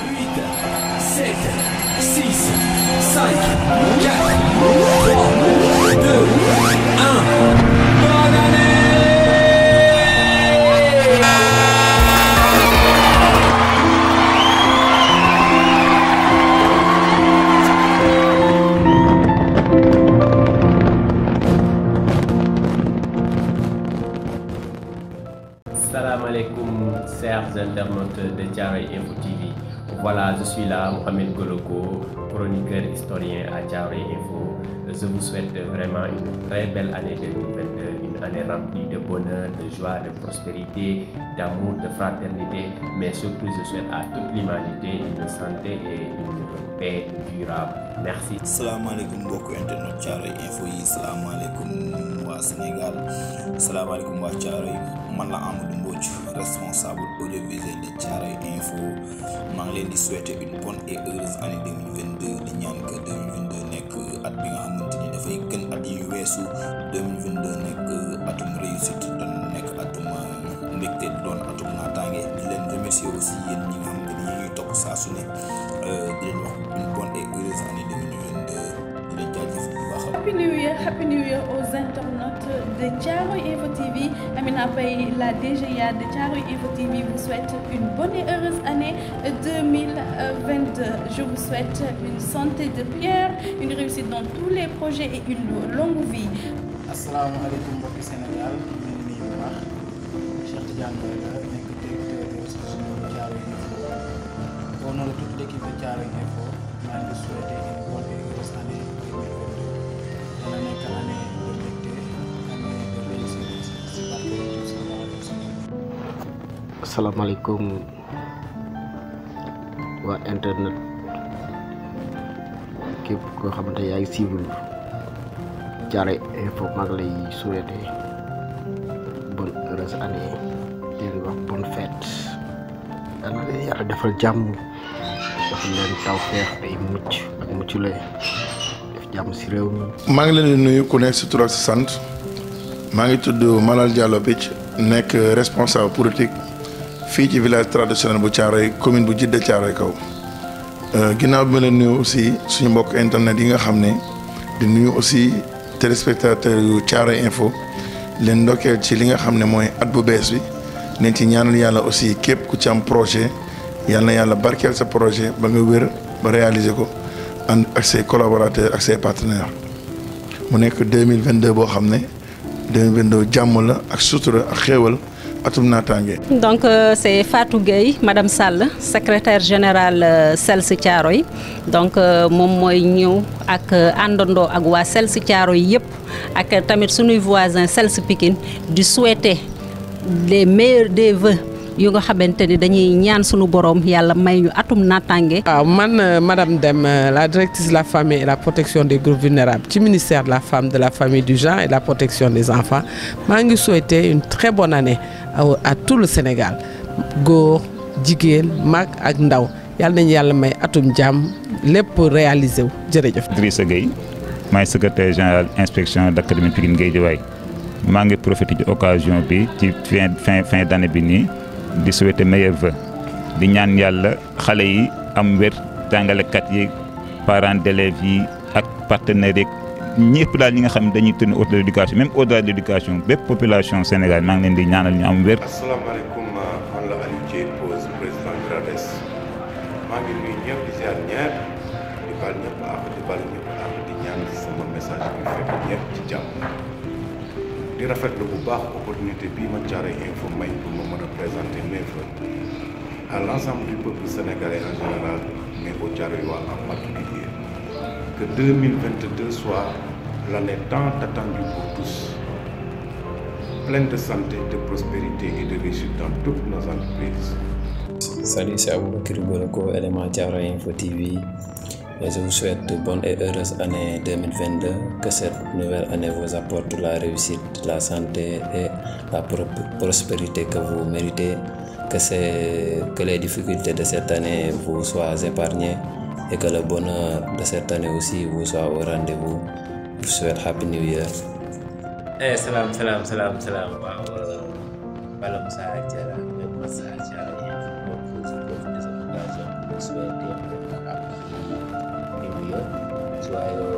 7, 6, 5, 4, 3, 2, 1. Salam alaikum, chers internautes de Jarry Info TV. Voilà, je suis là, Mohamed Goloko, chroniqueur historien à Chari Info. Je vous souhaite vraiment une très belle année 2022, une année remplie de bonheur, de joie, de prospérité, d'amour, de fraternité, mais surtout je souhaite à toute l'humanité une santé et une paix durable. Merci. Salam alaikum beaucoup internet Info, salam alaikum wa Sénégal, salam alaikum wa man la Amadou Mbodj responsable audiovisuel de Thiaroye Info maa leen di souhaiter une bonne et heureuse année 2022 di ñaan que 2022 nekk at bi nga xamante ni dafay gën at yu weesu 2022 nekk atum réussite Happy New Year, Happy New Year aux internautes de Tiaroy Info TV. Amina Paye, la DGA de Tiaroy Info TV vous souhaite une bonne et heureuse année 2022. Je vous souhaite une santé de pierre, une réussite dans tous les projets et une longue vie. Assalamu alaikum mbokki Sénégal, ñu ngi nuyu bu baax Cheikh Tidiane de Info. Au nom de toute l'équipe de Tiaroy Info, vous souhaite assalamualaikum waa internet képp koo xamante yaa ngi siiwul Thiaré info maa lay souhaité bonne heureuse année di wax bonne fête yal na leen defal jàmm defal leen tawfeex ay mucc ak def si réew mi. maa ngi leen nuyu ku nekk sant ngi tudd Malal Diallo Bitch responsable politique. fii ci village traditionnel bu Thiaroye commune bu Djiddah Thiaroye kaw euh, ginnaaw bi ma aussi suñu mbokk internet yi nga xam ne di aussi téléspectateur yu Thiaroye info leen ndokkeel ci li nga xam ne mooy at bu bees bi leen ci ñaanal yàlla aussi képp ku ci am projet yàlla yàlla barkeel sa projet ba nga wér ba ko ànd ak ses collaborateurs ak ses mu nekk deux mille vingt deux boo xam ne deux mille vingt deux jàmm la ak sutura ak xéewal donc euh, c'est Fatou Gueye madame Sall secrétaire générale euh, Celsi donc mon moi ñeu ak euh, avec ak wa Celsi Tiaroy yépp ak tamit suñu voisins Celsi Pikine souhaiter les meilleurs des vœux yu nga xamante ni dañuy ñaan sunu borom yàlla may ñu atum naataange. waaw ah, man euh, madame Dem, euh, la directrice de la famille et la protection des groupes vulnérables du ministère de la femme de la famille du genre et la protection des enfants maa ngi souhaiter une très bonne année à tout le Sénégal Go, jigéen mag ak ndaw yàlla nañu yàlla may atum jam lépp réalisé wu jërëjëf. Idrissa Gueye maay secrétaire général inspection d'académie Pikine Guédiawaye maa ngi profité ci occasion bi ci fin fin d'année bi nii. di souhaiter meilleurs di ñaan yàlla xale yi am wér jàngalekat yi parents d'élèves yi ak partenaires yeeg ñëpp daal ñi nga xam dañuy tënn au delà de l'éducation même au delà bépp population Sénégal maa ngi leen di ñaanal ñu am wér. asalaamaaleykum man euh, maa ngi nuyu ñëpp di sama message bi fekk ñëpp ci jàmm. di rafetlu bu baax opportunité bii ma Thiaroye Info may pour ma mën présenter mes à l' du peuple sénégalais en général mais en particulier que 2022 soit l'année tant attendue pour tous pleine de santé de prospérité et de réussite dans toutes nos entreprises. Salut, c'est Aboubacar élément Info TV. je vous souhaite de bonnes et heureuses années 2022, que cette nouvelle année vous apporte la réussite, la santé et la prospérité que vous méritez, que, que les difficultés de cette année vous soient épargnées et que le bonheur de cette année aussi vous soit au rendez-vous. Je vous souhaite Happy New Year. Eh, salam, salam, salam, salam. 对。